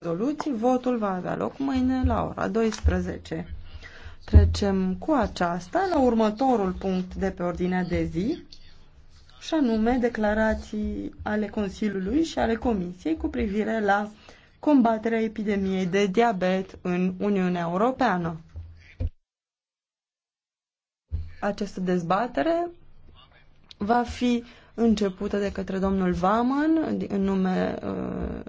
rezoluții. Votul va avea loc mâine la ora 12. Trecem cu aceasta la următorul punct de pe ordinea de zi, și anume declarații ale Consiliului și ale Comisiei cu privire la combaterea epidemiei de diabet în Uniunea Europeană. Această dezbatere va fi începută de către domnul Vaman în nume uh,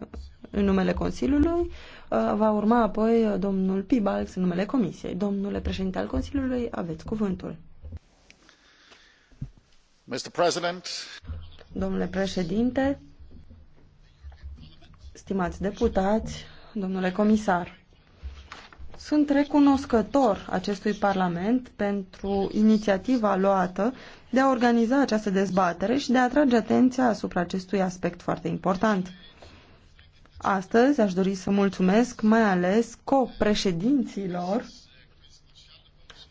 în numele Consiliului, uh, va urma apoi uh, domnul Pibalx în numele Comisiei. Domnule președinte al Consiliului, aveți cuvântul. Mr. President. Domnule președinte, stimați deputați, domnule comisar, sunt recunoscător acestui Parlament pentru inițiativa luată de a organiza această dezbatere și de a atrage atenția asupra acestui aspect foarte important. Astăzi aș dori să mulțumesc mai ales copreședinților,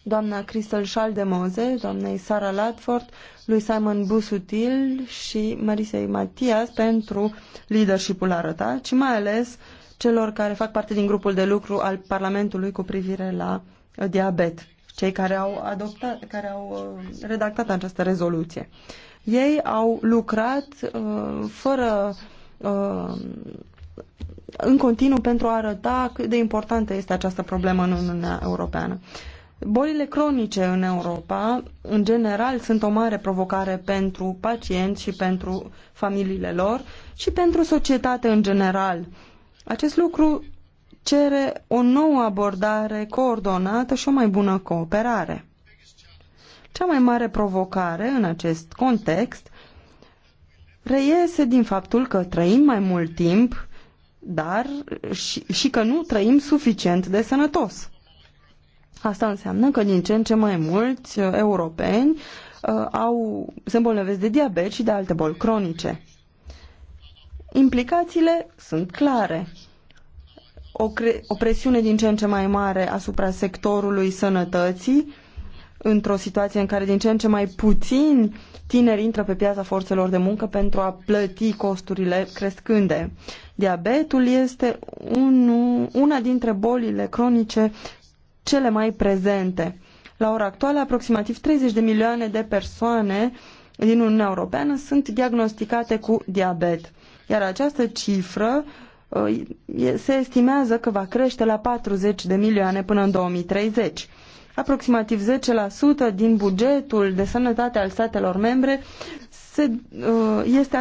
doamna Crystal Moze, doamnei Sara Latford, lui Simon Busutil și Marisei Matias pentru leadership-ul arătat ci mai ales celor care fac parte din grupul de lucru al Parlamentului cu privire la uh, diabet, cei care au, adoptat, care au uh, redactat această rezoluție. Ei au lucrat uh, fără uh, în continuu pentru a arăta cât de importantă este această problemă în Uniunea Europeană. Bolile cronice în Europa, în general, sunt o mare provocare pentru pacienți și pentru familiile lor și pentru societate în general. Acest lucru cere o nouă abordare coordonată și o mai bună cooperare. Cea mai mare provocare în acest context reiese din faptul că trăim mai mult timp dar și, și că nu trăim suficient de sănătos. Asta înseamnă că din ce în ce mai mulți uh, europeni uh, au, se îmbolnăvesc de diabet și de alte boli cronice. Implicațiile sunt clare. O, o presiune din ce în ce mai mare asupra sectorului sănătății uh, într-o situație în care din ce în ce mai puțini tineri intră pe piața forțelor de muncă pentru a plăti costurile crescânde. Diabetul este un, una dintre bolile cronice cele mai prezente. La ora actuală, aproximativ 30 de milioane de persoane din Uniunea Europeană sunt diagnosticate cu diabet. Iar această cifră uh, se estimează că va crește la 40 de milioane până în 2030 aproximativ 10% din bugetul de sănătate al statelor membre se, uh, este,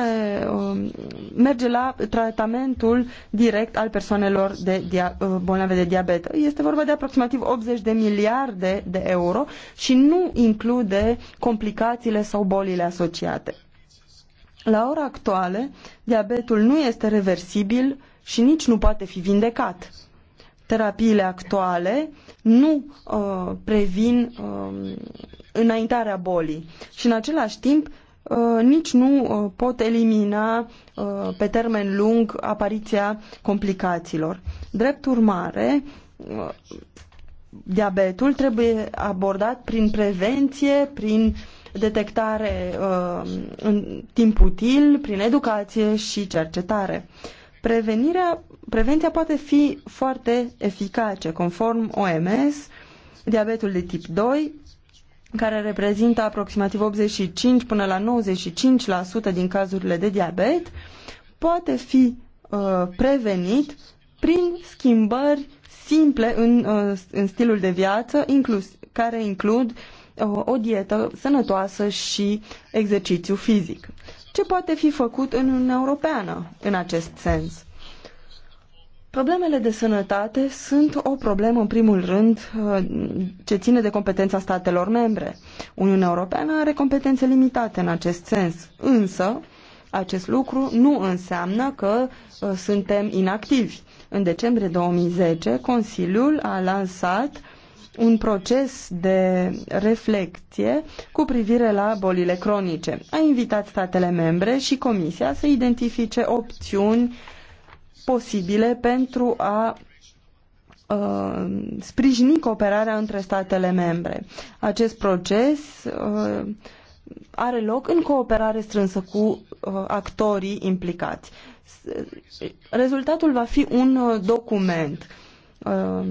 uh, merge la tratamentul direct al persoanelor de dia, uh, bolnave de diabet. Este vorba de aproximativ 80 de miliarde de euro și nu include complicațiile sau bolile asociate. La ora actuală, diabetul nu este reversibil și nici nu poate fi vindecat. Terapiile actuale nu uh, previn uh, înaintarea bolii și în același timp uh, nici nu uh, pot elimina uh, pe termen lung apariția complicațiilor. Drept urmare, uh, diabetul trebuie abordat prin prevenție, prin detectare uh, în timp util, prin educație și cercetare. Uh, Prevenirea, prevenția poate fi foarte eficace, conform OMS, diabetul de tip 2, care reprezintă aproximativ 85 până la 95% din cazurile de diabet, poate fi uh, prevenit prin schimbări simple în, uh, în stilul de viață, inclus, care includ o dietă sănătoasă și exercițiu fizic. Ce poate fi făcut în Uniunea Europeană în acest sens? Problemele de sănătate sunt o problemă, în primul rând, uh, ce ține de competența statelor membre. Uniunea Europeană are competențe limitate în acest sens, însă acest lucru nu înseamnă că uh, suntem inactivi. În decembrie 2010, Consiliul a lansat un proces de reflecție cu privire la bolile cronice. A invitat statele membre și Comisia să identifice opțiuni posibile pentru a uh, sprijini cooperarea între statele membre. Acest proces uh, are loc în cooperare strânsă cu uh, actorii implicați. Uh, rezultatul va fi un uh, document uh,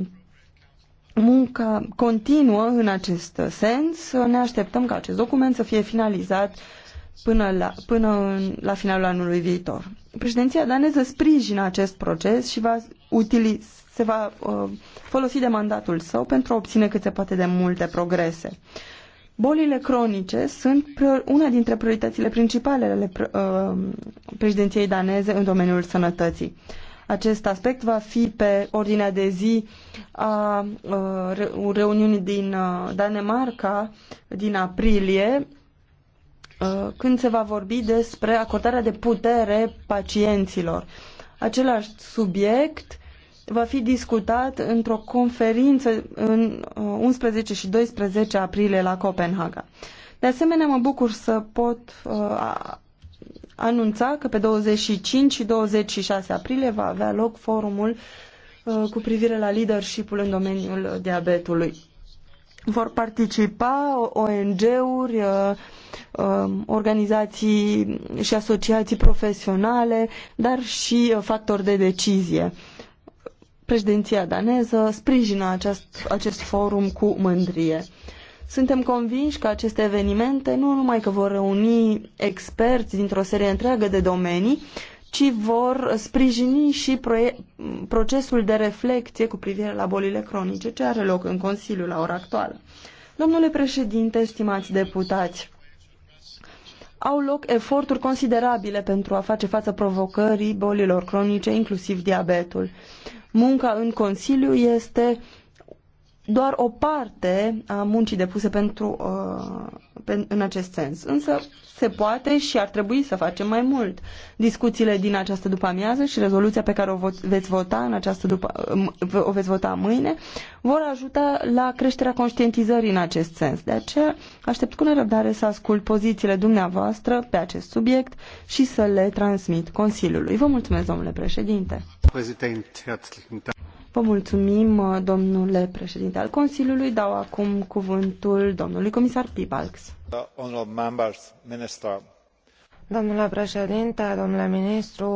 munca continuă în acest sens. Ne așteptăm ca acest document să fie finalizat până la, până la finalul anului viitor. Președinția daneză sprijină acest proces și va utili, se va uh, folosi de mandatul său pentru a obține cât se poate de multe progrese. Bolile cronice sunt una dintre prioritățile principale ale uh, președinției daneze în domeniul sănătății. Uh, acest aspect va fi pe ordinea de zi a uh, reuniunii din uh, Danemarca din aprilie, uh, când se va vorbi despre acordarea de putere pacienților. Același subiect va fi discutat într-o conferință în 11 și 12 aprilie la Copenhaga. De asemenea, mă bucur să pot uh, anunța că pe 25 și 26 aprilie va avea loc forumul uh, cu privire la leadership-ul în domeniul diabetului. Vor participa ONG-uri, uh, um, organizații și asociații profesionale, dar și uh, factori de decizie. Președinția daneză sprijină acest, acest forum cu mândrie. Suntem convinși că aceste evenimente nu numai că vor reuni experți dintr-o serie întreagă de domenii, ci vor sprijini și procesul de reflecție cu privire la bolile cronice ce are loc în Consiliu la ora actuală. Domnule președinte, stimați deputați, au loc eforturi considerabile pentru a face față provocării bolilor cronice, inclusiv diabetul. Munca în Consiliu este doar o parte a muncii depuse pentru, uh, pe, în acest sens. Însă se poate și ar trebui să facem mai mult. Discuțiile din această după-amiază și rezoluția pe care o vo- veți vota în această după, um, o veți vota mâine vor ajuta la creșterea conștientizării în acest sens. De aceea aștept cu nerăbdare să ascult pozițiile dumneavoastră pe acest subiect și să le transmit Consiliului. Vă mulțumesc, domnule președinte. Vă mulțumim, uh, domnule președinte al Consiliului. Dau acum cuvântul domnului comisar Pibalks. Uh, Domnule președinte, domnule ministru,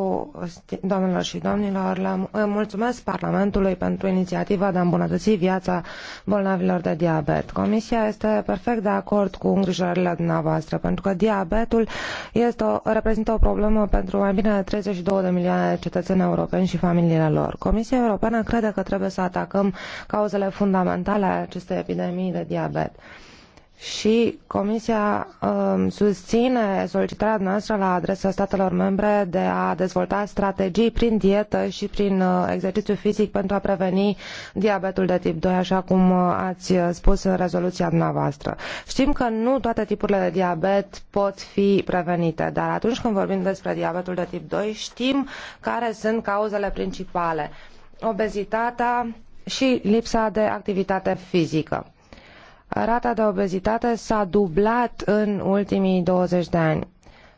domnilor și domnilor, le mulțumesc Parlamentului pentru inițiativa de a îmbunătăți viața bolnavilor de diabet. Comisia este perfect de acord cu îngrijorările dumneavoastră, pentru că diabetul este o, reprezintă o problemă pentru mai bine de 32 de milioane de cetățeni europeni și familiile lor. Comisia Europeană crede că trebuie să atacăm cauzele fundamentale ale acestei epidemii de diabet și Comisia um, susține solicitarea noastră la adresa statelor membre de a dezvolta strategii prin dietă și prin uh, exercițiu fizic pentru a preveni diabetul de tip 2, așa cum uh, ați spus în rezoluția dumneavoastră. Știm că nu toate tipurile de diabet pot fi prevenite, dar atunci când vorbim despre diabetul de tip 2, știm care sunt cauzele principale. Obezitatea și lipsa de activitate fizică rata de obezitate s-a dublat în ultimii 20 de ani.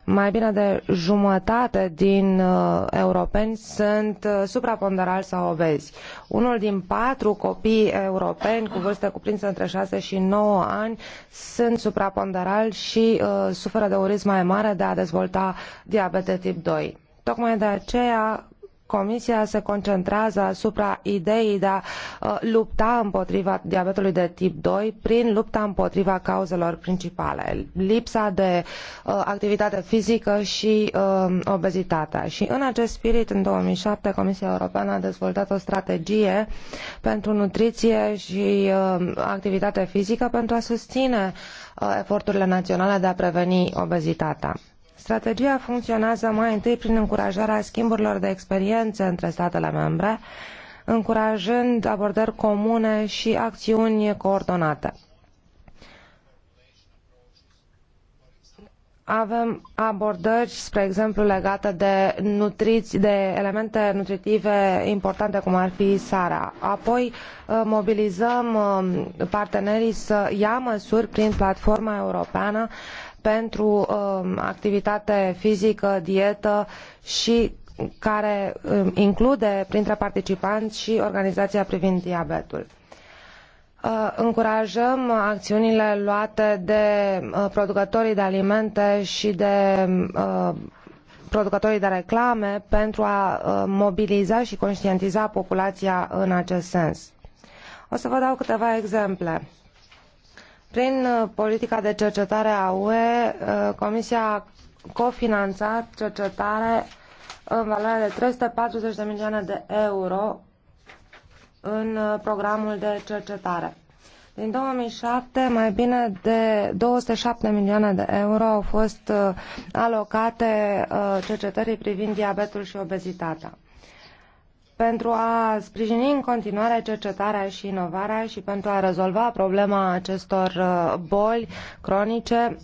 Mai bine de jumătate din uh, europeni sunt uh, supraponderali sau obezi. Unul din patru copii europeni cu vârste cuprinse între 6 și 9 ani sunt supraponderali și uh, suferă de un risc mai mare de a dezvolta diabet de tip 2. Tocmai de aceea Comisia se concentrează asupra ideii de a uh, lupta împotriva diabetului de tip 2 prin lupta împotriva cauzelor principale, lipsa de uh, activitate fizică și uh, obezitatea. Și în acest spirit, în 2007, Comisia Europeană a dezvoltat o strategie pentru nutriție și activitate fizică pentru a susține eforturile naționale de a preveni obezitatea. Strategia funcționează mai întâi prin încurajarea schimburilor de experiențe între statele membre, încurajând abordări comune și acțiuni coordonate. Avem abordări, spre exemplu, legate de, nutriți, de elemente nutritive importante, cum ar fi sara. Apoi uh, mobilizăm uh, partenerii să ia măsuri prin platforma europeană pentru um, activitate fizică, dietă și care um, include printre participanți și organizația privind diabetul uh, încurajăm acțiunile luate de uh, producătorii de alimente și de uh, producătorii de reclame pentru a mobiliza și conștientiza populația în acest sens. O să vă dau câteva exemple. Prin uh, politica de cercetare a UE, uh, Comisia a cofinanțat cercetare în valoare de 340 de milioane de euro în uh, programul de cercetare. Din 2007, mai bine de 207 milioane de euro au fost alocate cercetării privind diabetul și obezitatea pentru a sprijini în continuare cercetarea și inovarea și pentru a rezolva problema acestor uh, boli cronice,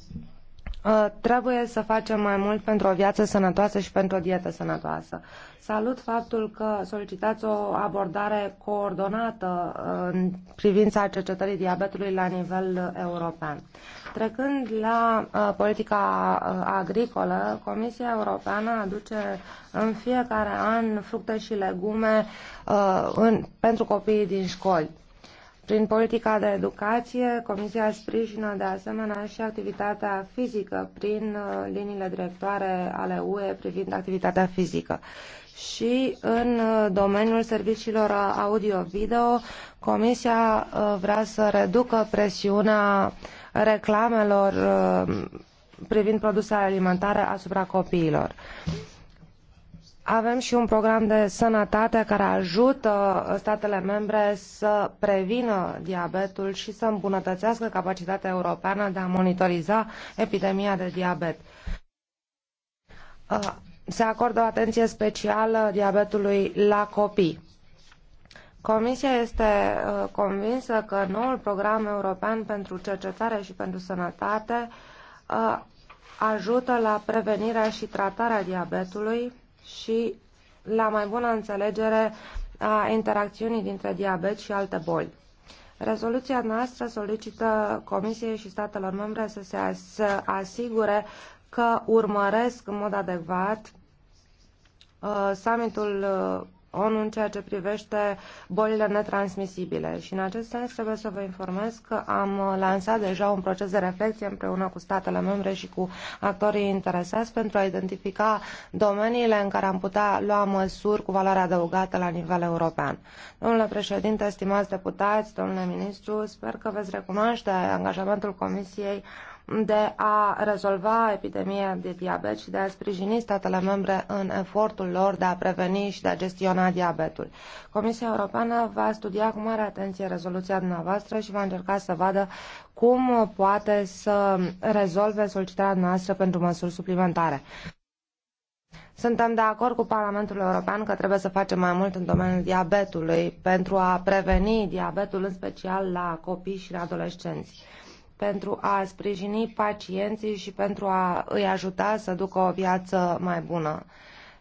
uh, trebuie să facem mai mult pentru o viață sănătoasă și pentru o dietă sănătoasă. Salut faptul că solicitați o abordare coordonată uh, în privința cercetării diabetului la nivel european. Trecând la uh, politica uh, agricolă, Comisia Europeană aduce în fiecare an fructe și legume uh, în, pentru copiii din școli. Prin politica de educație, Comisia sprijină de asemenea și activitatea fizică prin uh, liniile directoare ale UE privind activitatea fizică. Și în uh, domeniul serviciilor audio-video, Comisia uh, vrea să reducă presiunea reclamelor privind produsele alimentare asupra copiilor. Avem și un program de sănătate care ajută uh, statele membre să prevină diabetul și să îmbunătățească capacitatea europeană de a monitoriza epidemia de diabet. Uh, se acordă o atenție specială diabetului la copii. Comisia este uh, convinsă că noul program european pentru cercetare și pentru sănătate ajută la prevenirea și tratarea diabetului și la mai bună înțelegere a interacțiunii dintre diabet și alte boli. Rezoluția noastră solicită Comisiei și statelor membre să se asigure că urmăresc în mod adecvat uh, summitul uh, ONU în ceea ce privește bolile netransmisibile și în acest sens trebuie să vă informez că am uh, lansat deja un proces de reflexie împreună cu statele membre și cu actorii interesați pentru a identifica domeniile în care am putea lua măsuri cu valoare adăugată la nivel european. Domnule președinte, stimați deputați, domnule ministru, sper că veți recunoaște angajamentul Comisiei de a rezolva epidemia de diabet și de a sprijini statele membre în efortul lor de a preveni și de a gestiona diabetul. Comisia Europeană va studia cu mare atenție rezoluția dumneavoastră și va încerca să vadă cum poate să rezolve solicitarea noastră pentru măsuri suplimentare. Suntem de acord cu Parlamentul European că trebuie să facem mai mult în domeniul diabetului pentru a preveni diabetul în special la copii și la adolescenți pentru a sprijini pacienții și pentru a îi ajuta să ducă o viață mai bună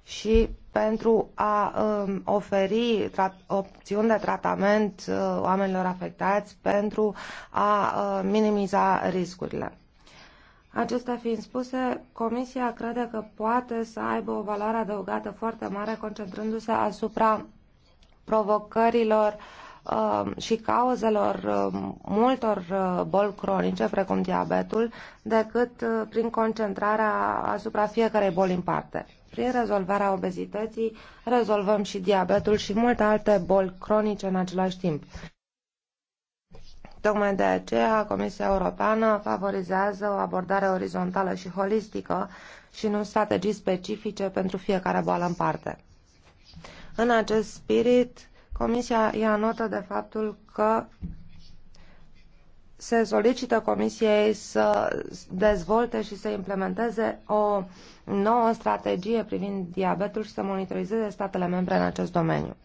și pentru a um, oferi opțiuni de tratament uh, oamenilor afectați pentru a uh, minimiza riscurile. Acestea fiind spuse, Comisia crede că poate să aibă o valoare adăugată foarte mare concentrându-se asupra provocărilor uh, Um, și cauzelor um, multor uh, boli cronice, precum diabetul, decât uh, prin concentrarea asupra fiecarei boli în parte. Prin rezolvarea obezității rezolvăm și diabetul și multe alte boli cronice în același timp. Tocmai de aceea, Comisia Europeană favorizează o abordare orizontală și holistică și nu strategii specifice pentru fiecare boală în parte. În acest spirit, Comisia ia notă de faptul că se solicită Comisiei să dezvolte și să implementeze o nouă strategie privind diabetul și să monitorizeze statele membre în acest domeniu.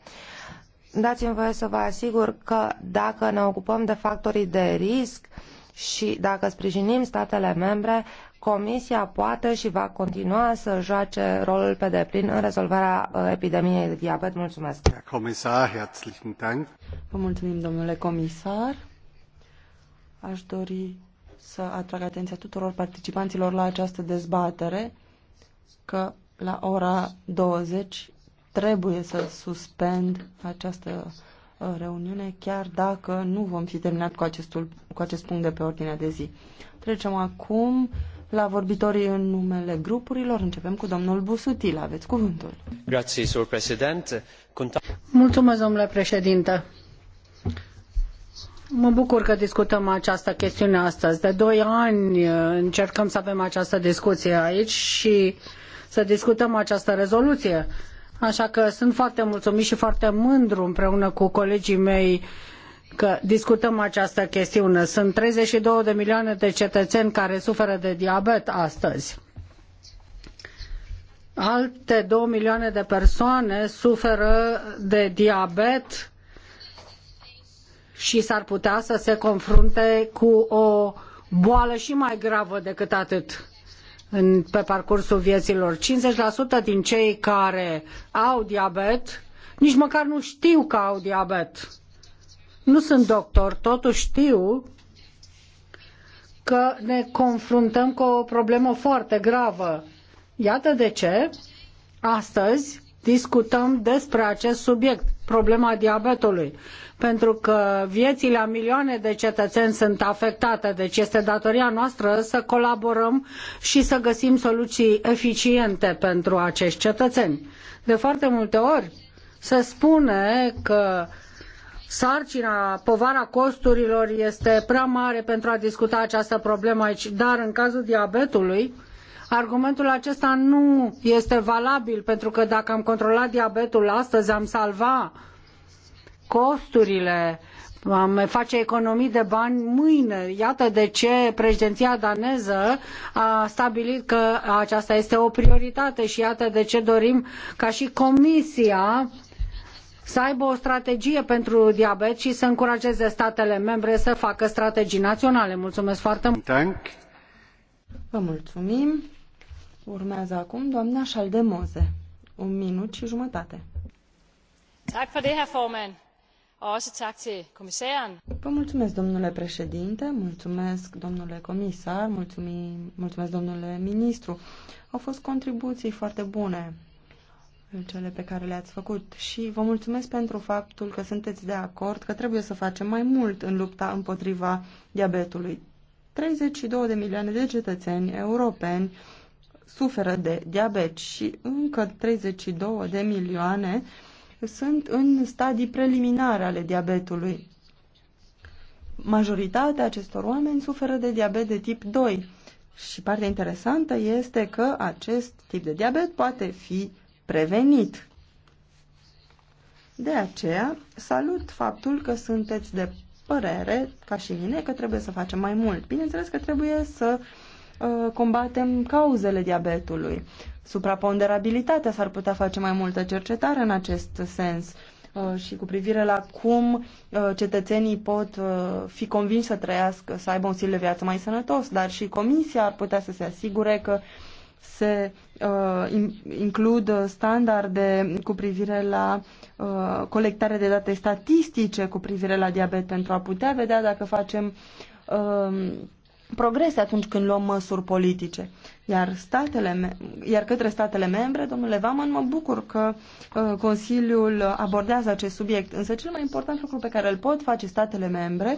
Dați-mi voie să vă asigur că dacă ne ocupăm de factorii de risc și dacă sprijinim statele membre, Comisia poate și va continua să joace rolul pe deplin în rezolvarea uh, epidemiei de diabet. Mulțumesc! Comisar, herzlichen Dank! Vă mulțumim, domnule comisar! Aș dori să atrag atenția tuturor participanților la această dezbatere că la ora 20 trebuie să suspend această uh, reuniune, chiar dacă nu vom fi terminat cu, acestul, cu acest punct de pe ordinea de zi. Trecem acum la vorbitorii în numele grupurilor. Începem cu domnul Busutil. Aveți cuvântul. Mulțumesc, domnule președinte. Mă bucur că discutăm această chestiune astăzi. De doi ani uh, încercăm să avem această discuție aici și să discutăm această rezoluție. Așa că sunt foarte mulțumit și foarte mândru împreună cu colegii mei că discutăm această chestiune. Sunt 32 de milioane de cetățeni care suferă de diabet astăzi. Alte 2 milioane de persoane suferă de diabet și s-ar putea să se confrunte cu o boală și mai gravă decât atât în, pe parcursul vieților. 50% din cei care au diabet nici măcar nu știu că au diabet nu sunt doctor, totuși știu că ne confruntăm cu o problemă foarte gravă. Iată de ce astăzi discutăm despre acest subiect, problema diabetului, pentru că viețile a milioane de cetățeni sunt afectate, deci este datoria noastră să colaborăm și să găsim soluții eficiente pentru acești cetățeni. De foarte multe ori se spune că sarcina, povara costurilor este prea mare pentru a discuta această problemă aici, dar în cazul diabetului, argumentul acesta nu este valabil, pentru că dacă am controlat diabetul astăzi, am salva costurile, am face economii de bani mâine. Iată de ce președinția daneză a stabilit că aceasta este o prioritate și iată de ce dorim ca și Comisia să aibă o strategie pentru diabet și să încurajeze statele membre să facă strategii naționale. Mulțumesc foarte mult! Vă mulțumim! Urmează acum doamna Șaldemoze. Un minut și jumătate. Tak for det, herr Vă mulțumesc, domnule președinte, mulțumesc, domnule comisar, mulțumim, mulțumesc, domnule ministru. Au fost contribuții foarte bune cele pe care le-ați făcut și vă mulțumesc pentru faptul că sunteți de acord că trebuie să facem mai mult în lupta împotriva diabetului. 32 de milioane de cetățeni europeni suferă de diabet și încă 32 de milioane sunt în stadii preliminare ale diabetului. Majoritatea acestor oameni suferă de diabet de tip 2 și partea interesantă este că acest tip de diabet poate fi prevenit. De aceea, salut faptul că sunteți de părere, ca și mine, că trebuie să facem mai mult. Bineînțeles că trebuie să uh, combatem cauzele diabetului. Supraponderabilitatea s-ar putea face mai multă cercetare în acest sens uh, și cu privire la cum uh, cetățenii pot uh, fi convinși să trăiască, să aibă un stil de viață mai sănătos, dar și comisia ar putea să se asigure că uh, se uh, includ standarde cu privire la uh, de date statistice cu privire la diabet pentru a putea vedea dacă facem uh, progrese atunci când luăm măsuri politice. Iar, statele, iar către statele membre, domnule Vaman, mă bucur că uh, Consiliul abordează acest subiect. Însă cel mai important lucru pe care îl pot face statele membre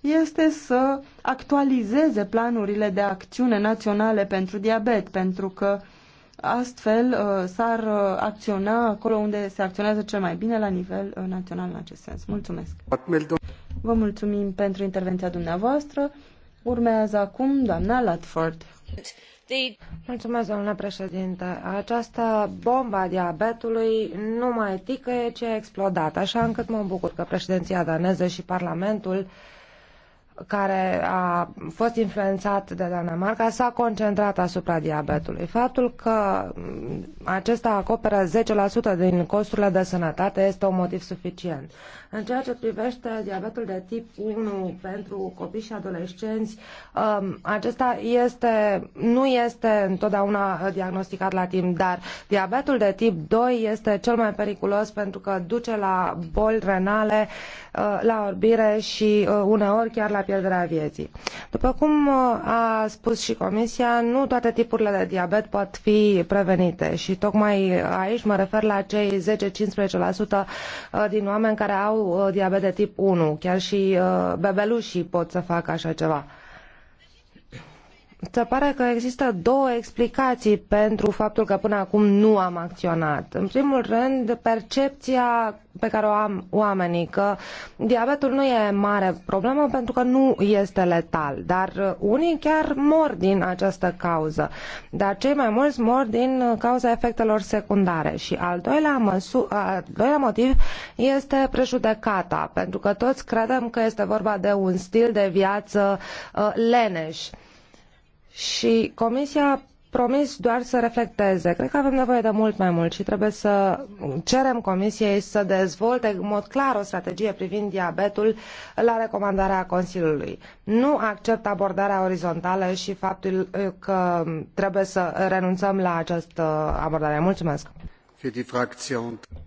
este să actualizeze planurile de acțiune naționale pentru diabet, pentru că astfel uh, s-ar uh, acționa acolo unde se acționează cel mai bine la nivel uh, național în acest sens. Mulțumesc! Vă mulțumim pentru intervenția dumneavoastră. Urmează acum doamna Latford. Mulțumesc, doamna președinte. Această bombă a diabetului nu mai ticăie, ci a explodat, așa încât mă bucur că președinția daneză și Parlamentul uh, care a fost influențat de Danemarca s-a concentrat asupra diabetului. Faptul că mm, acesta acoperă 10% din costurile de sănătate este un motiv suficient. În ceea ce privește diabetul de tip 1 pentru copii și adolescenți, um, acesta este, nu este întotdeauna diagnosticat la timp, dar diabetul de tip 2 este cel mai periculos pentru că duce la boli renale, uh, la orbire și uh, uneori chiar la pierderea vieții. După cum uh, a spus și Comisia, nu toate tipurile de diabet pot fi prevenite și tocmai aici mă refer la cei 10-15% uh, din oameni care au uh, diabet de tip 1. Chiar și bebelușii pot să facă așa ceva se pare că există două explicații pentru faptul că până acum nu am acționat. În primul rând, percepția pe care o am oamenii că diabetul nu e mare problemă pentru că nu este letal, dar unii chiar mor din această cauză, dar cei mai mulți mor din cauza efectelor secundare. Și al doilea, măsu- al doilea motiv este prejudecata, pentru că toți credem că este vorba de un stil de viață uh, leneș și Comisia a promis doar să reflecteze. Cred că avem nevoie de mult mai mult și trebuie să cerem Comisiei să dezvolte în mod clar o strategie privind diabetul la recomandarea Consiliului. Nu accept abordarea orizontală și faptul uh, că trebuie să renunțăm la această uh, abordare. Mulțumesc!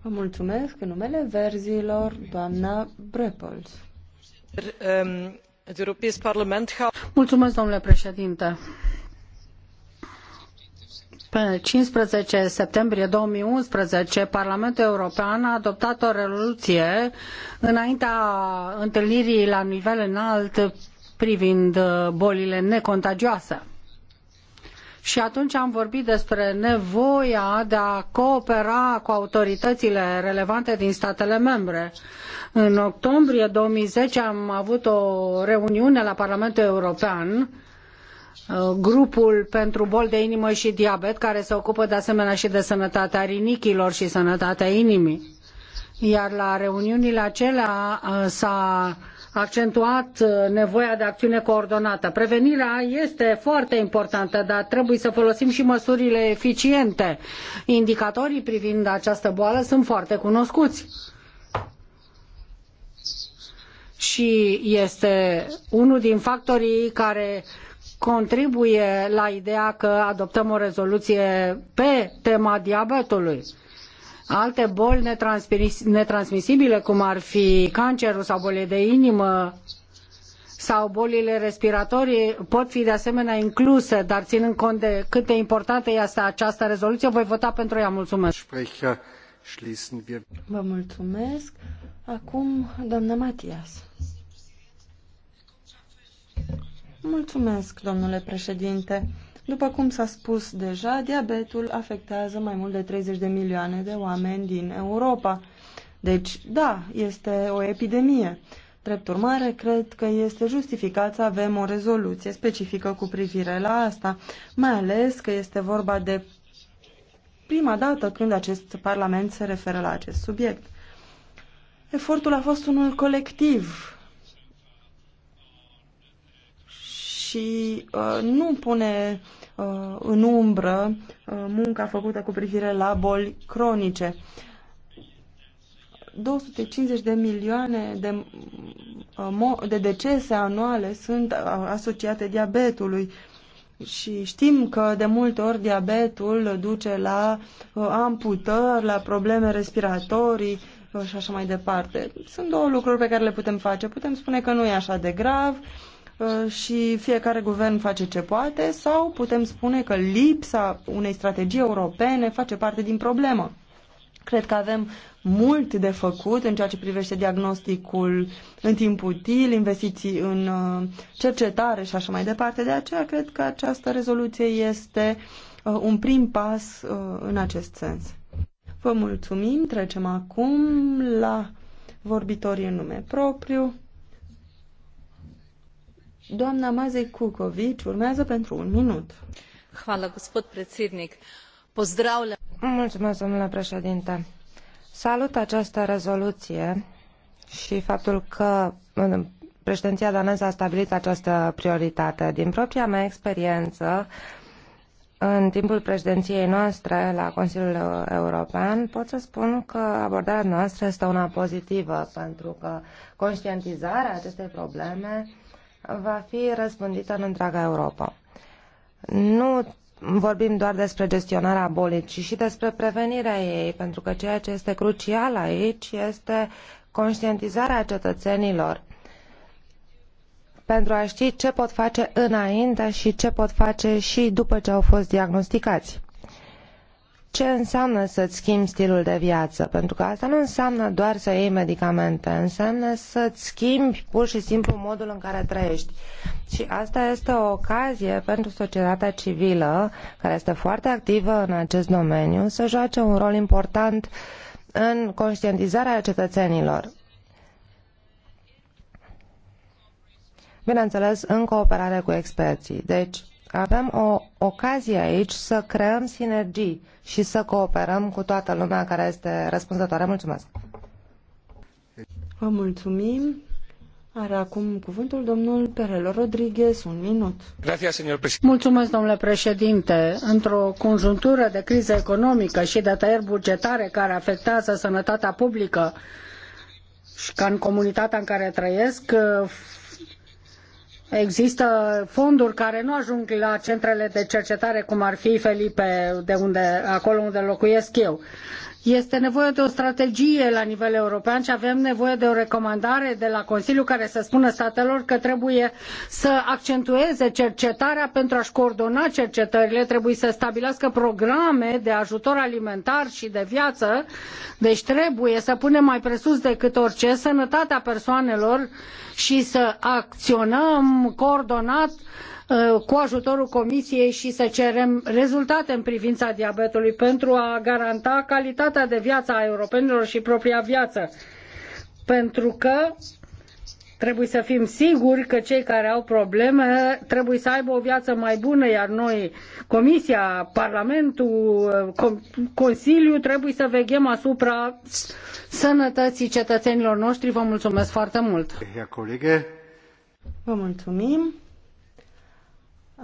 Vă mulțumesc în numele verzilor, doamna Brepels. Um, het European Parliament gaat Mulțumesc, domnule președinte. Pe 15 septembrie 2011, Parlamentul European a adoptat o rezoluție înaintea întâlnirii la nivel înalt privind bolile necontagioase și atunci am vorbit despre nevoia de a coopera cu autoritățile relevante din statele membre. În octombrie 2010 am avut o reuniune la Parlamentul European grupul pentru boli de inimă și diabet, care se ocupă de asemenea și de sănătatea rinichilor și sănătatea inimii. Iar la reuniunile acelea uh, s-a accentuat uh, nevoia de acțiune coordonată. Prevenirea este foarte importantă, dar trebuie să folosim și măsurile eficiente. Indicatorii privind această boală sunt foarte cunoscuți și este unul din factorii care contribuie la ideea că adoptăm o rezoluție pe tema diabetului. Alte boli netransmisibile, cum ar fi cancerul sau bolile de inimă sau bolile respiratorii, pot fi de asemenea incluse, dar ținând cont de cât de importantă este această rezoluție, voi vota pentru ea. Mulțumesc! Vă mulțumesc! Acum, doamna Matias. Mulțumesc, domnule președinte. După cum s-a spus deja, diabetul afectează mai mult de 30 de milioane de oameni din Europa. Deci, da, este o epidemie. Drept urmare, cred că este justificat să avem o rezoluție specifică cu privire la asta, mai ales că este vorba de prima dată când acest Parlament se referă la acest subiect. Efortul a fost unul colectiv și uh, nu pune Uh, în umbră uh, munca făcută cu privire la boli cronice. 250 de milioane de, uh, de decese anuale sunt asociate diabetului și știm că de multe ori diabetul duce la amputări, la probleme respiratorii și așa mai departe. Sunt două lucruri pe care le putem face. Putem spune că nu e așa de grav, Uh, și fiecare guvern face ce poate sau putem spune că lipsa unei strategii europene face parte din problemă. Cred că avem mult de făcut în ceea ce privește diagnosticul în timp util, investiții în uh, cercetare și așa mai departe. De aceea cred că această rezoluție este uh, un prim pas în acest sens. Vă mulțumim, trecem acum la vorbitorii în nume propriu. Doamna Mazej Kukovici urmează pentru un minut. Hvala, gospod predsednik. Mulțumesc, domnule președinte. Salut această rezoluție și faptul că președinția daneză a stabilit această prioritate. Din propria mea experiență, în timpul președinției noastre la Consiliul European, pot să spun că abordarea noastră este una pozitivă, pentru că conștientizarea acestei probleme va fi răspândită în întreaga Europa. Nu vorbim doar despre gestionarea bolii, ci și despre prevenirea ei, pentru că ceea ce este crucial aici este conștientizarea cetățenilor pentru a ști ce pot face înainte și ce pot face și după ce au fost diagnosticați ce înseamnă să-ți schimbi stilul de viață, pentru că asta nu înseamnă doar să iei medicamente, înseamnă să-ți schimbi pur și simplu modul în care trăiești. Și asta este o ocazie pentru societatea civilă, care este foarte activă în acest domeniu, să joace un rol important în conștientizarea cetățenilor. Bineînțeles, în cooperare cu experții. Deci, avem o ocazie aici să creăm sinergii și să cooperăm cu toată lumea care este răspunzătoare. Mulțumesc! Vă mulțumim! Are acum cuvântul domnul Perelo Rodriguez, un minut. Mulțumesc, domnule președinte. Într-o conjuntură de criză economică și de tăieri bugetare care afectează sănătatea publică, și ca în comunitatea în care trăiesc, Există fonduri care nu ajung la centrele de cercetare, cum ar fi Felipe, de unde, acolo unde locuiesc eu. Este nevoie de o strategie la nivel european și avem nevoie de o recomandare de la Consiliu care să spună statelor că trebuie să accentueze cercetarea pentru a-și coordona cercetările, trebuie să stabilească programe de ajutor alimentar și de viață, deci trebuie să punem mai presus decât orice sănătatea persoanelor și să acționăm coordonat Uh, cu ajutorul Comisiei și să cerem rezultate în privința diabetului pentru a garanta calitatea de viață a europenilor și propria viață. Pentru că trebuie să fim siguri că cei care au probleme trebuie să aibă o viață mai bună, iar noi, Comisia, Parlamentul, uh, Consiliul, trebuie să veghem asupra sănătății cetățenilor noștri. Vă mulțumesc foarte mult! Vă mulțumim!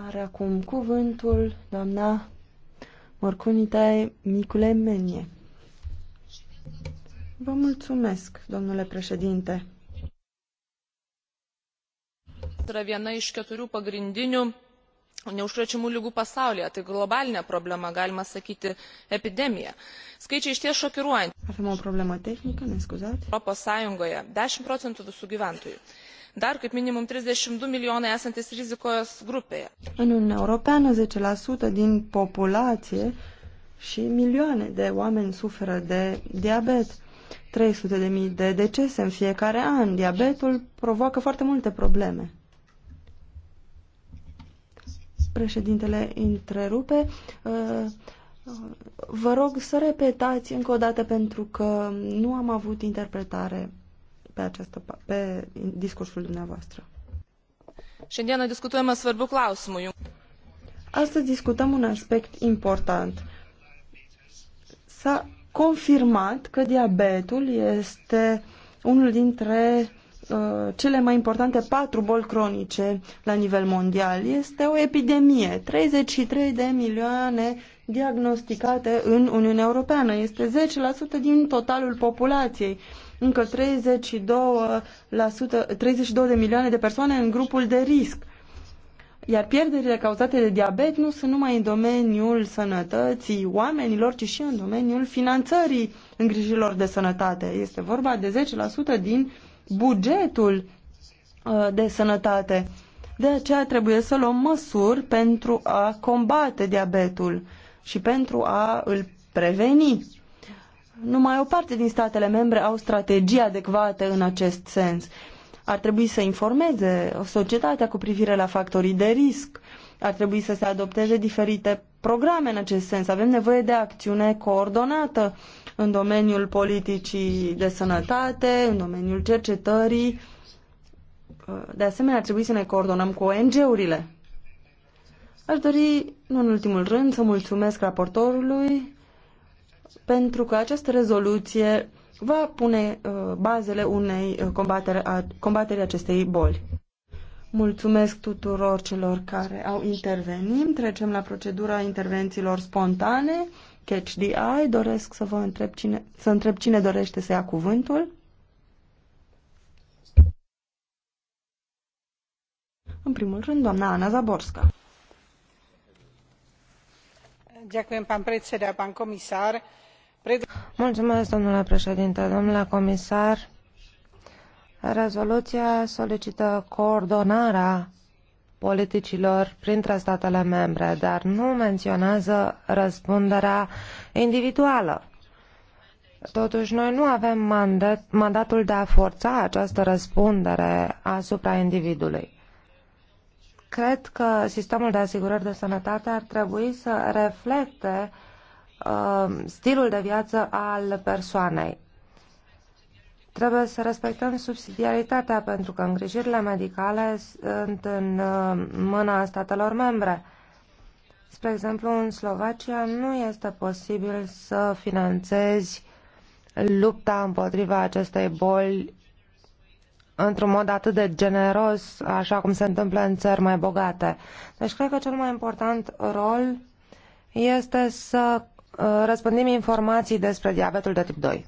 Are acum cuvântul doamna Morcunitae Micule Menie. Vă mulțumesc, domnule președinte. Yra viena iš keturių pagrindinių neužkrečiamų lygų pasaulyje. Tai globalinė problema, galima sakyti, epidemija. Skaičiai išties šokiruojantys. Europos Sąjungoje 10 procentų visų gyventojų dar kaip minimum trisdešimt du milijonai esantys rizikos grupėje. În Uniunea Europeană 10% din populație și milioane de oameni suferă de diabet. 300 de, mii de decese în fiecare an. Diabetul provoacă foarte multe probleme. Președintele întrerupe. Vă rog să repetați încă o dată pentru că nu am avut interpretare pe, această, pe discursul dumneavoastră. Šiandieną discutăm svarbu klausimų. Astăzi discutăm un aspect important. S-a confirmat că diabetul este unul dintre uh, cele mai importante patru boli cronice la nivel mondial. Este o epidemie, 33 de milioane diagnosticate în Uniunea Europeană. Este 10% din totalul populației. Uh, încă 32, la sută, 32 de milioane de persoane în grupul de risc. Iar pierderile cauzate de diabet nu sunt numai în domeniul sănătății oamenilor, ci și în domeniul finanțării îngrijilor de sănătate. Este vorba de 10% din bugetul uh, de sănătate. De aceea trebuie să luăm măsuri pentru a combate diabetul și pentru a îl preveni. Numai o parte din statele membre au strategii adecvate în acest sens. Ar trebui să informeze societatea cu privire la factorii de risc. Ar trebui să se adopteze diferite programe în acest sens. Avem nevoie de acțiune coordonată în domeniul politicii de sănătate, în domeniul cercetării. De asemenea, ar trebui să ne coordonăm cu ONG-urile. Aș dori, în ultimul rând, să mulțumesc raportorului pentru că această rezoluție va pune uh, bazele unei uh, combatere a, combaterii acestei boli. Mulțumesc tuturor celor care au intervenit. Trecem la procedura intervențiilor spontane. Catch the Eye. Doresc să vă întreb cine, să întreb cine dorește să ia cuvântul. În primul rând, doamna Ana Zaborska domnule președinte domnule comisar rezoluția solicită coordonarea politicilor printre statele membre dar nu menționează răspunderea individuală. Totuși, noi nu avem mandatul de a forța această răspundere asupra individului Cred că sistemul de asigurări de sănătate ar trebui să reflecte uh, stilul de viață al persoanei. Trebuie să respectăm subsidiaritatea pentru că îngrijirile medicale sunt în uh, mâna statelor membre. Spre exemplu, în Slovacia nu este posibil să finanțezi lupta împotriva acestei boli într-un mod atât de generos, așa cum se întâmplă în țări mai bogate. Deci cred că cel mai important rol este să uh, răspândim informații despre diabetul de tip 2.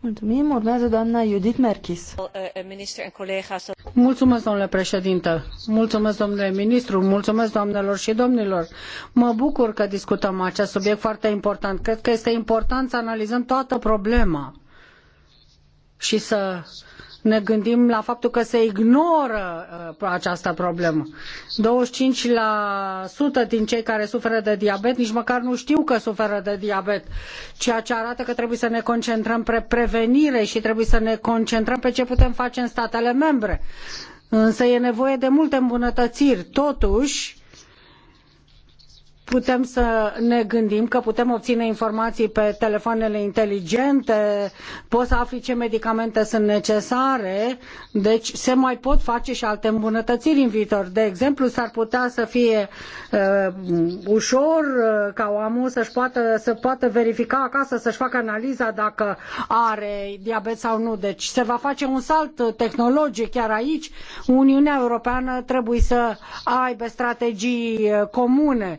Mulțumim. Urmează doamna Judith Merkis. Mulțumesc, domnule președinte. Mulțumesc, domnule ministru. Mulțumesc, doamnelor și domnilor. Mă bucur că discutăm acest subiect foarte important. Cred că este important să analizăm toată problema și să ne gândim la faptul că se ignoră uh, această problemă. 25% din cei care suferă de diabet nici măcar nu știu că suferă de diabet, ceea ce arată că trebuie să ne concentrăm pe prevenire și trebuie să ne concentrăm pe ce putem face în statele membre. Însă e nevoie de multe îmbunătățiri. Totuși, putem să ne gândim că putem obține informații pe telefoanele inteligente, poți să afli ce medicamente sunt necesare, deci se mai pot face și alte îmbunătățiri în viitor. De exemplu, s-ar putea să fie uh, ușor uh, ca omul să-și poată, să poată verifica acasă, să-și facă analiza dacă are diabet sau nu. Deci se va face un salt tehnologic chiar aici. Uniunea Europeană trebuie să aibă strategii uh, comune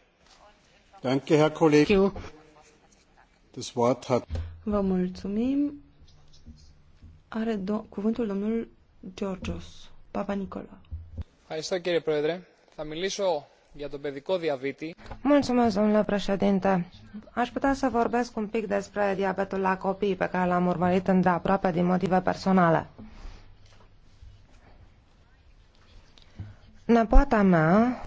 Vă mulțumim. Are do- cuvântul domnul Georgios Papa Nicola. Ευχαριστώ κύριε Πρόεδρε. Θα μιλήσω για τον παιδικό διαβήτη. Mulțumesc, domnule președinte. Aș putea să vorbesc un pic despre diabetul la copii pe care l-am urmărit îndeaproape din motive personale. Nepoata mea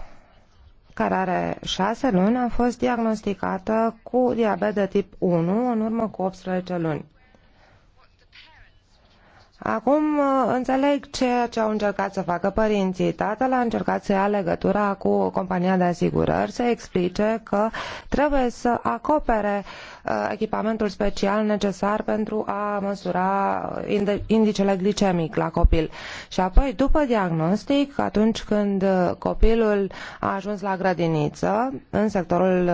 care are 6 luni, a fost diagnosticată cu diabet de tip 1 în urmă cu 18 luni. Acum uh, înțeleg ceea ce au încercat să facă părinții. Tatăl a încercat să ia legătura cu compania de asigurări, să explice că trebuie să acopere uh, echipamentul special necesar pentru a măsura uh, indicele glicemic la copil. Și apoi, după diagnostic, atunci când copilul a ajuns la grădiniță, în sectorul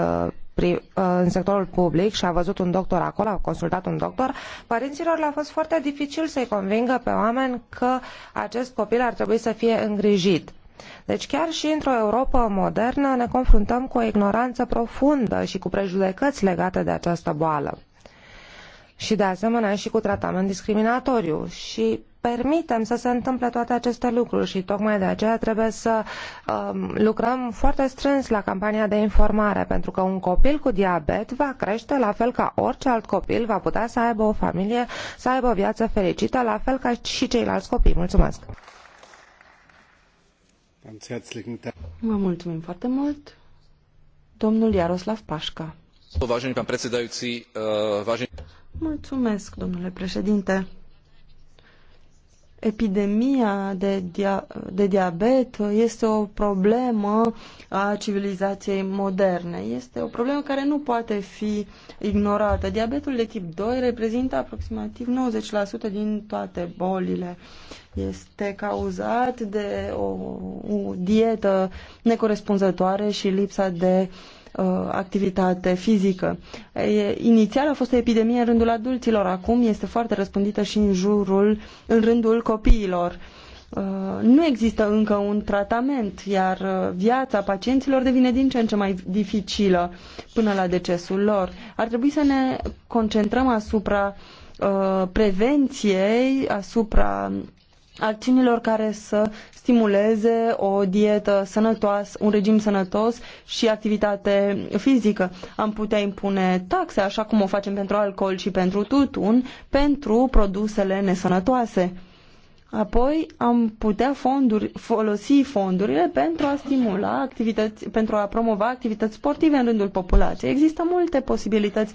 Uh, în sectorul public și a văzut un doctor acolo, a consultat un doctor, părinților le-a fost foarte dificil să-i convingă pe oameni că acest copil ar trebui să fie îngrijit. Deci chiar și într-o Europa modernă ne confruntăm cu o ignoranță profundă și cu prejudecăți legate de această boală. Și de asemenea și cu tratament discriminatoriu. Și permitem să se întâmple toate aceste lucruri și tocmai de aceea trebuie să um, lucrăm foarte strâns la campania de informare, pentru că un copil cu diabet va crește la fel ca orice alt copil, va putea să aibă o familie, să aibă o viață fericită, la fel ca și ceilalți copii. Mulțumesc! Vă mulțumim foarte mult! Domnul Iaroslav Pașca. Eh, Mulțumesc, domnule președinte epidemia de, dia de diabet este o problemă a civilizației moderne. Este o problemă care nu poate fi ignorată. Diabetul de tip 2 reprezintă aproximativ 90% din toate bolile. Este cauzat de o, o dietă necorespunzătoare și lipsa de uh, Uh, activitate fizică. Inițial a fost o epidemie în rândul adulților, acum este foarte răspândită și în, jurul, în rândul copiilor. Uh, nu există încă un tratament, iar uh, viața pacienților devine din ce în ce mai dificilă până la decesul lor. Ar trebui să ne concentrăm asupra prevenției, asupra acțiunilor care să stimuleze o dietă sănătoasă, un regim sănătos și activitate fizică. Am putea impune taxe, așa cum o facem pentru alcool și pentru tutun, pentru produsele nesănătoase. Apoi am putea fonduri, folosi fondurile pentru a stimula activități, pentru a promova activități sportive în rândul populației. Există multe posibilități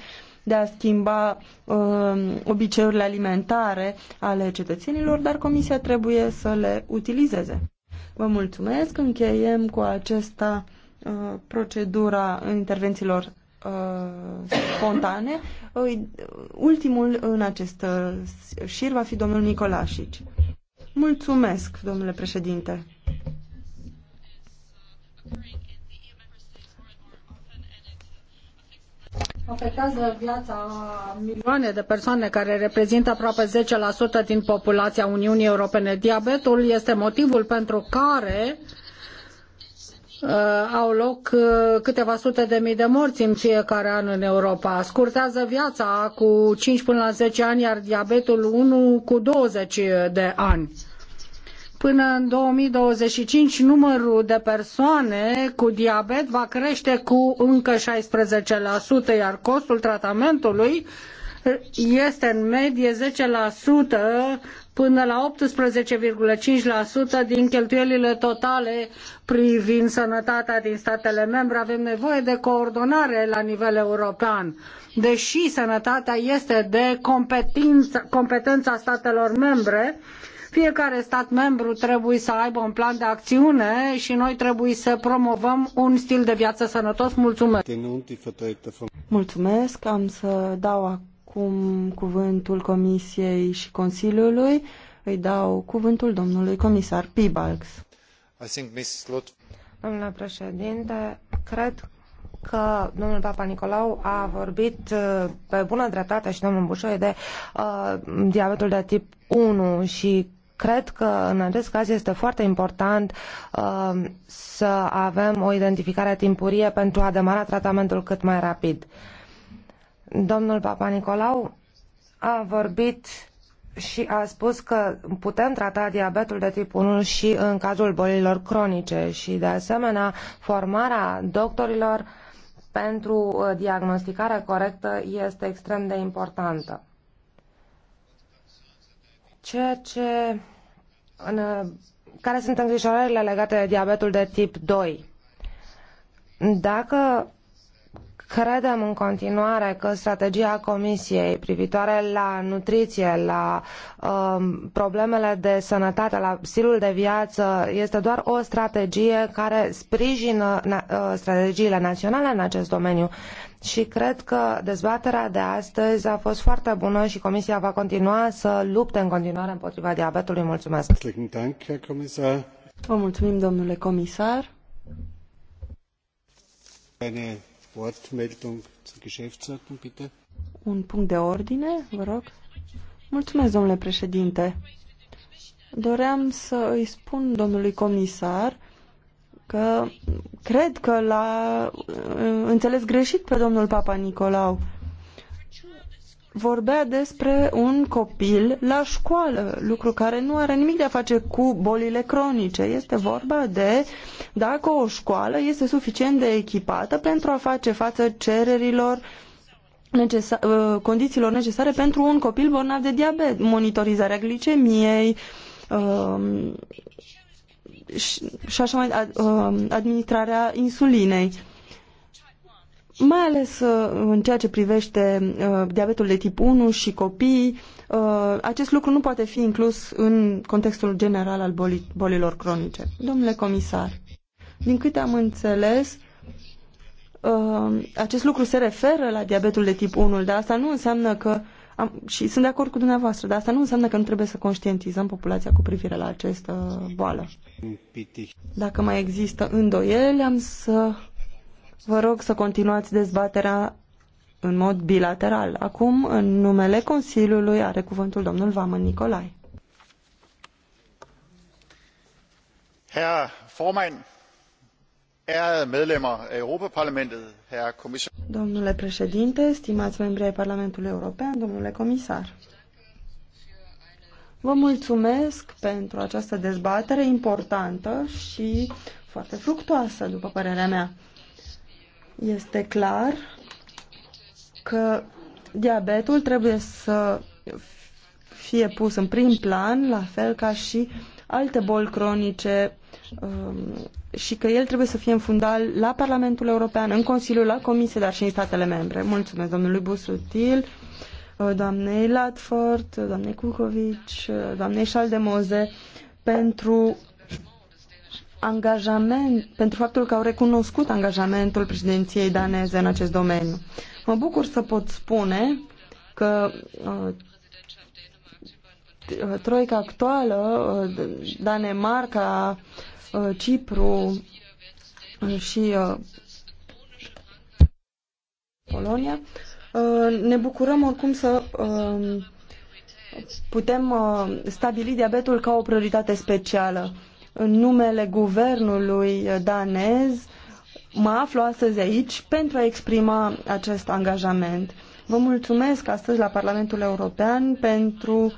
de a schimba uh, obiceiurile alimentare ale cetățenilor, dar Comisia trebuie să le utilizeze. Vă mulțumesc, încheiem cu acesta uh, procedura intervențiilor uh, spontane. Uh, ultimul în acest uh, șir va fi domnul Nicolașici. Mulțumesc, domnule președinte. afectează viața milioane de persoane care reprezintă aproape 10% din populația Uniunii Europene. Diabetul este motivul pentru care uh, au loc uh, câteva sute de mii de morți în fiecare an în Europa. Scurtează viața cu cinci până la zece ani, iar diabetul 1 cu 20 de ani. Până în 2025, numărul de persoane cu diabet va crește cu încă 16%, iar costul tratamentului este în medie 10% până la 18,5% din cheltuielile totale privind sănătatea din statele membre. Avem nevoie de coordonare la nivel european. Deși sănătatea este de competența statelor membre, fiecare stat membru trebuie să aibă un plan de acțiune și noi trebuie să promovăm un stil de viață sănătos. Mulțumesc! Mulțumesc! Am să dau acum cuvântul Comisiei și Consiliului. Îi dau cuvântul domnului comisar Pibalks. Domnule președinte, cred că domnul Papa Nicolau a vorbit uh, pe bună dreptate și domnul Bușoi de uh, diabetul de tip 1 și Cred că în acest caz este foarte important uh, să avem o identificare timpurie pentru a demara tratamentul cât mai rapid. Domnul Papa Nicolau a vorbit și a spus că putem trata diabetul de tip 1 și în cazul bolilor cronice și de asemenea formarea doctorilor pentru uh, diagnosticare corectă este extrem de importantă. Ceea ce în, care sunt îngrijorările legate de diabetul de tip 2? Dacă Credem în continuare că strategia Comisiei privitoare la nutriție, la um, problemele de sănătate, la stilul de viață, este doar o strategie care sprijină na uh, strategiile naționale în acest domeniu și cred că dezbaterea de astăzi a fost foarte bună și Comisia va continua să lupte în continuare împotriva diabetului. Mulțumesc! Vă mulțumim, domnule comisar! Un punct de ordine, vă rog. Mulțumesc, domnule președinte. Doream să îi spun domnului comisar că cred că l-a uh, înțeles greșit pe domnul Papa Nicolau. Vorbea despre un copil la școală, lucru care nu are nimic de a face cu bolile cronice. Este vorba de dacă o școală este suficient de echipată pentru a face față cererilor necesa- uh, condițiilor necesare pentru un copil bolnav de diabet, monitorizarea glicemiei, uh, și așa mai um, administrarea insulinei. Mai ales uh, în ceea ce privește uh, diabetul de tip 1 și copiii, uh, acest lucru nu poate fi inclus în contextul general al bolilor cronice. Domnule comisar, din câte am înțeles, acest lucru se referă la diabetul de tip 1, dar asta nu înseamnă că am, și sunt de acord cu dumneavoastră, dar asta nu înseamnă că nu trebuie să conștientizăm populația cu privire la această boală. Dacă mai există îndoieli, am să vă rog să continuați dezbaterea în mod bilateral. Acum, în numele Consiliului, are cuvântul domnul Vaman Nicolai. Herr Vormann, Domnule președinte, stimați membri ai Parlamentului European, domnule comisar, vă mulțumesc pentru această dezbatere importantă și foarte fructoasă, după părerea mea. Este clar că diabetul trebuie să fie pus în prim plan, la fel ca și alte boli cronice um, și că el trebuie să fie în fundal la Parlamentul European, în Consiliu, la Comisie, dar și în statele membre. Mulțumesc domnului Busutil, uh, doamnei Latford, uh, doamnei Cucovici, uh, doamnei Șaldemoze pentru angajament, pentru faptul că au recunoscut angajamentul președinției daneze în acest domeniu. Mă bucur să pot spune că Uh, troica actuală, uh, Danemarca, uh, Cipru și Polonia, ne bucurăm oricum să um, putem stabili diabetul ca o prioritate specială. În numele guvernului danez mă aflu astăzi aici pentru a exprima acest angajament. Vă mulțumesc astăzi la Parlamentul European pentru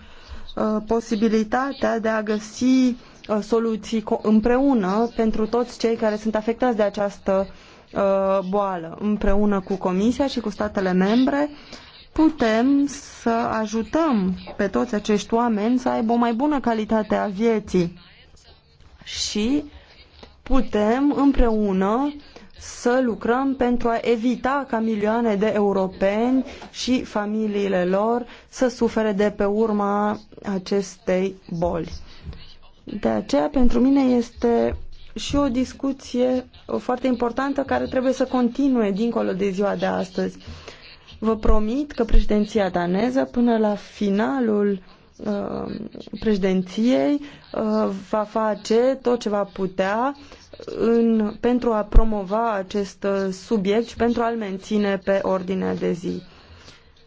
Uh, posibilitatea de a găsi uh, soluții împreună pentru toți cei care sunt afectați de această uh, boală. Împreună cu Comisia și cu statele membre putem să ajutăm pe toți acești oameni să aibă o mai bună calitate a vieții și putem împreună să lucrăm pentru a evita ca milioane de europeni și familiile lor să sufere de pe urma acestei boli. De aceea, pentru mine este și o discuție foarte importantă care trebuie să continue dincolo de ziua de astăzi. Vă promit că președinția daneză până la finalul uh, președinției uh, va face tot ce va putea în, pentru a promova acest uh, subiect și pentru a-l menține pe ordinea de zi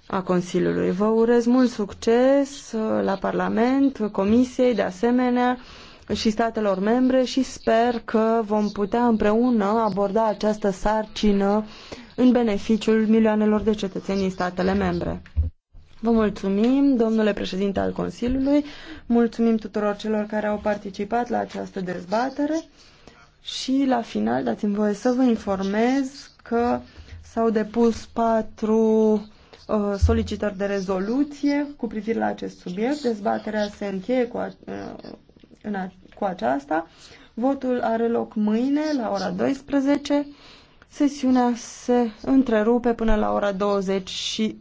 a Consiliului. Vă urez mult succes uh, la Parlament, Comisiei, de asemenea, și statelor membre și sper că vom putea împreună aborda această sarcină în beneficiul milioanelor de cetățeni din statele membre. Vă mulțumim, domnule președinte al Consiliului, mulțumim tuturor celor care au participat la această dezbatere. Și la final, dați-mi voie să vă informez că s-au depus patru uh, solicitări de rezoluție cu privire la acest subiect. Dezbaterea se încheie cu, a, uh, în a, cu aceasta. Votul are loc mâine la ora 12. Sesiunea se întrerupe până la ora 21.